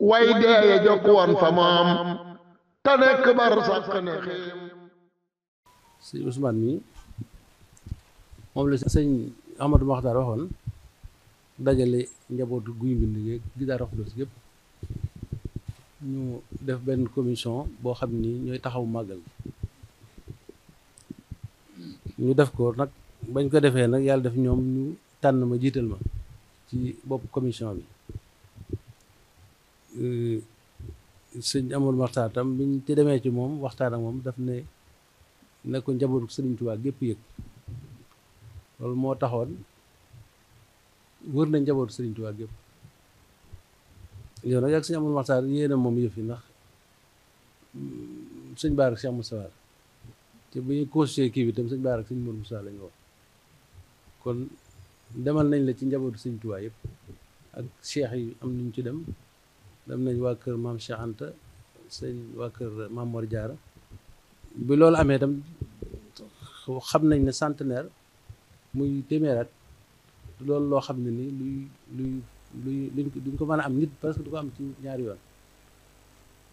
way deeye jokk woon fa moom te nekk bar sàkk ne xiim sëñ Ousmane mi moom la sëñ Amadou Maxtaar waxoon dajale njabootu guy mbind gi gi daara Xuddoos ñu def benn commission boo xam ni ñooy taxaw màggal ñu def ko nag bañ ko defee nag yàlla def ñoom ñu tànn ma jiital ma ci bopp commission bi sëñ amul maxtaar tam biñ ci demee ci moom waxtaan ak moom daf ne ne ko njabootu sëriñ Tuubaa gépp yëg loolu moo taxoon wër nañ njabootu sëriñ Tuubaa gépp yow nag ak sëñ amul moom yëf yi ndax mm, sëñ Baar ak Cheikh te bu ñuy constitué bi tam sëñ Baar ak sëñ Mour lañu wax kon demal nañ la ci njabootu sëñ Tuubaa yëpp ak cheikh yi am nañu ci dem dem nañ waa kër maam Cheikh Anta sëñ waa kër maam Mor Diarra bi loolu amee itam xam nañ ne centenaire muy téeméer loolu loo xam ne ni luy luy luy duñ ko mën a am nit parce que du ko am ci ñaari yoon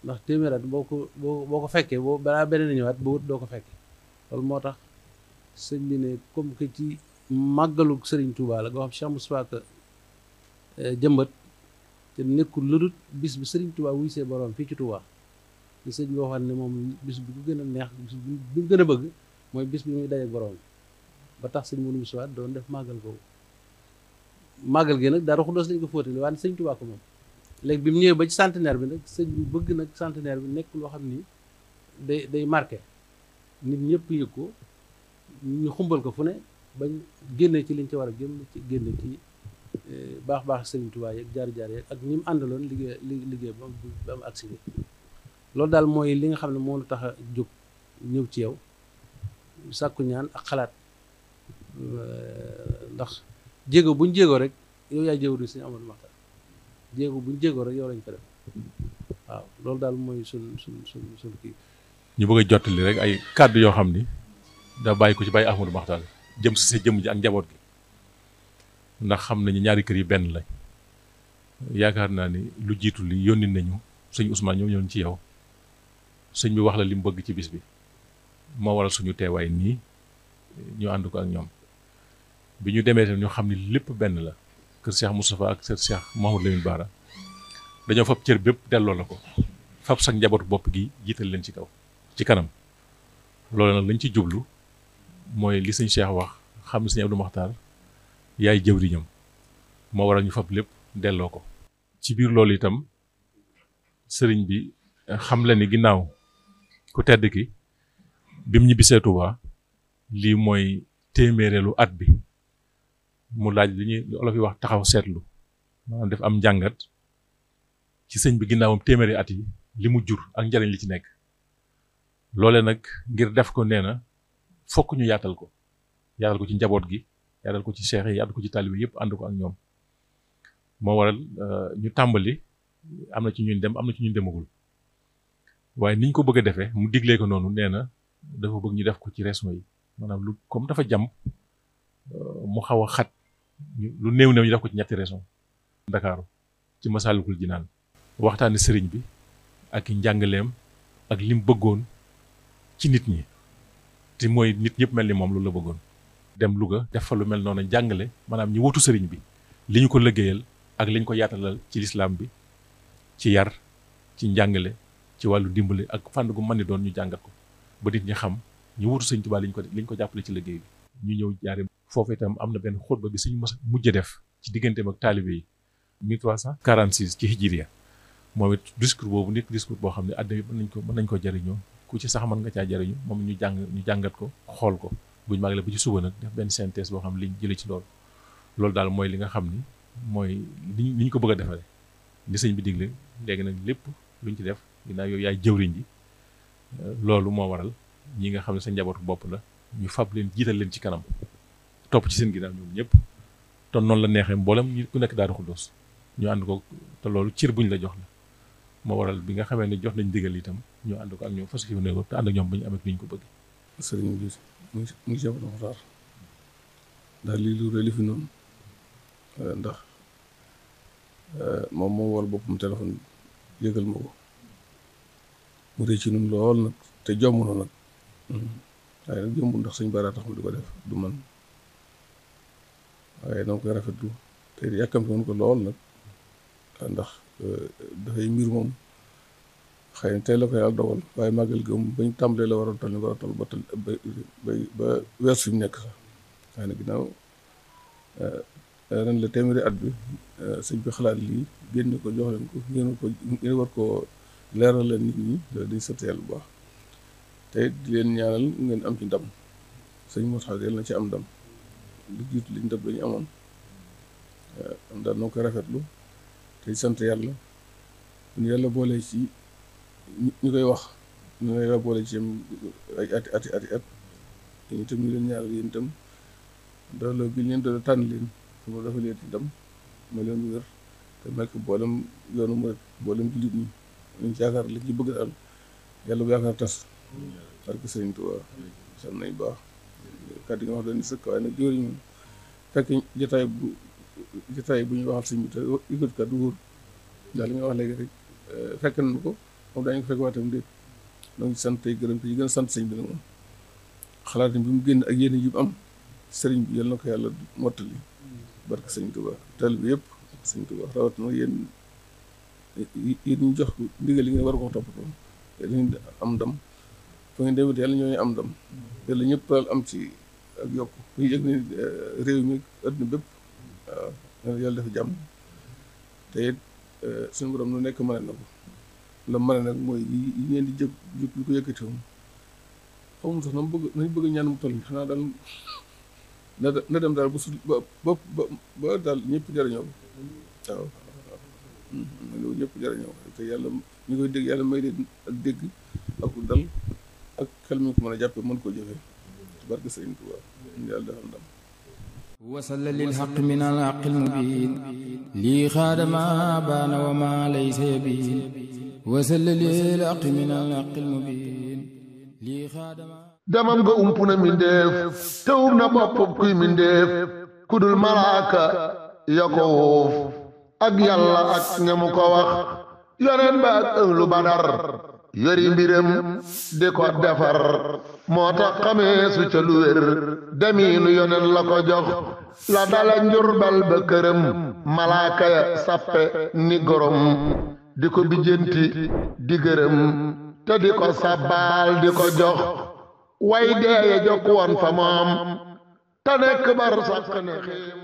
ndax téeméer boo ko boo boo ko fekkee boo balaa beneen ñëwaat boo wut doo ko fekkee loolu moo tax sëñ bi ne comme que ci màggalu sëriñ Touba la nga xam Cheikh Moustapha eh, jëmbat te nekkul ludut bis bi sëriñ Touba wuy see borom fii ci Touba sëñ bi waxoon ne moom bis bi ku gën a neex bis bi mu gën a bëgg mooy bis bi muy daje borom ba tax sëñ Mourou Moussa doon def màggal googu màggal gi nag dara xuddoos lañ ko fóotali waaye sëñ Touba ko moom léegi bi mu ñëwee ba ci bi nag sëñ bu bëgg nag centenaire bi nekk loo xam ni day day marqué nit ñëpp yëg ko ñu xumbal ko fu ne bañ génnee ci liñ ci war a génn ci génne ci baax baax sëriñ Tuubaa yeeg jaar-jaar yeeg ak ñi mu àndaloon liggéey liggéey ba ba mu agsi loolu daal mooy li nga xam ne moo tax a jóg ñëw ci yow sàkku ñaan ak xalaat euh, ndax jéego buñ jéego rek yow yaa jëwri suñu amoon waxtaan jéego buñ jéego rek yow lañ ko def waaw loolu daal mooy suñ suñ suñ suñ kii ñu bëgg jottali rek ay kàddu yoo xam ni da bàyyi ko ci bàyyi Ahmadou Makhtar jëm si sa jëm ji ak njaboot gi ndax xam nañu ñaari kër yi benn lañ yaakaar naa ni lu jiitu li yónni nañu sëñ Ousmane ñoo ñoon ci yow sëñ bi wax la li mu bëgg ci bis bi moo waral suñu teewaay nii ñu ànd ko ak ñoom bi ñu demee tam ñu xam ni lépp benn la kër Cheikh Moustapha ak kër Cheikh Mahamadou Lamine Bara dañoo fab cër bépp delloo la ko fab sax njabootu bopp gi jiital leen ci kaw ci kanam loolu nag lañ ci jublu mooy li sëñ Cheikh wax xam ne sëñ Abdou Makhtar yaay jëwriñam moo waral ñu fab lépp delloo ko ci biir loolu itam sëriñ bi eh, xam la ni ginnaaw ku tedd ki bim ñibbisee Tuubaa lii mooy téeméereelu at bi mu laaj li ñuy olof yi wax taxaw seetlu maanaam def am njàngat ci sëñ bi ginnaawam téeméeri at yi li mu jur ak njariñ li ci nekk loole nag ngir def ko nee na fokk ñu yaatal ko yaatal ko ci njaboot gi yàllal ko ci cheikh yi yàllal ko ci taalibe yëpp ànd ko ak ñoom moo waral euh, ñu tàmbali am na ci ñun dem am na ci ñun demagul waaye niñ ko bëgg a defee mu digle ko noonu nee na dafa bëgg ñu def ko ci raison yi maanaam lu comme dafa jàmb euh, mu xaw a xat lu néew néew ñu def ko ci ñetti raison ndakaaru ci Masaalikul Jinaan waxtaane sëriñ bi ak njàngaleem ak lim bëggoon ci nit ñi te mooy nit ñëpp mel ni moom loolu la bëggoon dem Louga def fa lu mel noonu jàngale maanaam ñi wutu sëriñ bi li ñu ko liggéeyal ak li ñu ko yaatalal ci lislaam bi ci yar ci njàngale ci wàllu dimbali ak fànn gu man ni doon ñu jàngat ko ba nit ñi xam ñi wutu sëriñ Tuubaa li ñu ko li ñu ko jàppale ci liggéey bi ñu ñëw jaare foofu itam am na benn xutba bi suñu mos mujj def ci digganteem ak taalibe yi 1346 ci hijiriya moom it discours boobu nit discours boo xam ne àddina bi mën nañ ko mën nañ ko jëriñoo ku ci sax mën nga caa jëriñu moom ñu jàng ñu jàngat ko xool ko bu ñu màggalee ba ci suba nag def benn synthèse boo xam li ñu ci loolu loolu daal mooy li nga xam ni mooy li ñu ko bëgg a defaree li sëñ bi digle léegi nag lépp luñ ci def ginnaaw yow yaay jëwriñ ji euh, loolu moo waral ñi nga xam ne sa njabootu bopp la ñu fab leen jiital leen ci kanam topp ci seen ginnaaw ñoom ñëpp te noonu la neexee mboolem ku nekk Daaru Xuddoos ñu ànd ko te loolu cir buñ la jox la moo waral bi nga xamee ne jox nañ digal itam ñu ànd ko ak ñoom fas yéene ko te ànd ak ko bëgg sëriñ bi mu mu Cheikh Abdou Mokhtar ndax lii lu rëy li fi noonu eh, ndax eh, moom moo wol boppam téléphone yëgal ma ko mu rëy ci nun lool nag te jomb na nag hmm. waaye nag jomb ndax suñ baraa tax mu di ko def du man waaye dama koy rafetlu te yàkkamte woon ko lool nag ndax eh, dafay mbir moom xay na tey la ko yàlla dogal waaye màggal gi bañ tàmbalee la waroon toll ni war a toll ba tël ba ba weer suñu nekk sax xëy na ginnaaw eh, ren la téeméeri at bi eh, sëñ bi xalaat lii génn ko jox leen ko ngeen ko war koo leeral leen nit ñi dañ sant yàlla bu baax te di leen ñaanal ngeen am ci ndam sëñ Moussa yàlla na ci am ndam lu jiitu liñ ndam lañu amoon eh, am daal noo koy lu te sant yàlla yàlla boolee ci ñu koy wax ñu lay rapporté ci ay ati ati ati at yéen itam ñu leen ñaar yéen itam dooloo bi leen dooloo tànn leen su ma dafa leen itam ma leen wér te nekk boolem yoonu mu rek boolem jullit ñi liñ ci yaakaar ci bëgg daal yàlla bu a tas barke sëriñ Tuubaa san nañ baax kàddu nga wax doon ni sëkk waaye nag jóori ñu fekk jotaay bu jotaay bu ñu waxal sëñ bi te yëkkati kàddu wóor daal li nga wax léegi rek eh, fekk nañ ko moom daañu ko fekk waatam de donc sant tey gërëm te ñu gën a sant sëñ bi nag moom xalaat bi mu génn ak yéen yi am sëriñ bi yal na ko yàlla mottali barke sëñ Tuubaa tal bi yëpp sëñ Tuubaa ñu jox ko yi nga war ko toppatoo yéen am ndam fa ngeen demee yàlla ñoo ñu am dam yàlla ñëpp am ci ak yokk bu ñu yëg ne eh, réew mi adduna bépp waaw yàlla dafa jàmm te it eh, suñu borom lu nekk mën na ko la mën a nag mooy li ngeen di jëg li ko yëkkati woon xawma sax na mu bëgg nañ bëgg ñaan mu toll xanaa daal na dem daal ba su ba ba ba daal ñëpp jëriñoo waaw waaw hmm, ñëpp jëriñoo te yàlla ñu koy dégg yàlla may leen ak dégg ak dal ak xel mi ko mën a jàppee mën koo jëfee barke Sëriñ Tuuba yàlla defal ndam وصل للحق من الحق المبين لي خادما بان وما ليس يبين demam nga ump na te um na boppam kuy mindeef kudul malaaka ya ko wuuf ak yàlla ak ñemu ko wax yoneen ba ak ënglu badar yori mbiram di ko defar moo tax xamee lu wér demiinu yoneen la ko jox la dala njurbal ba këram malaaka ya sappe ni gorom di ko bijjanti di gërëm te di ko sabbaal di ko jox way deeye jokk woon fa moom te nekk bar sàkk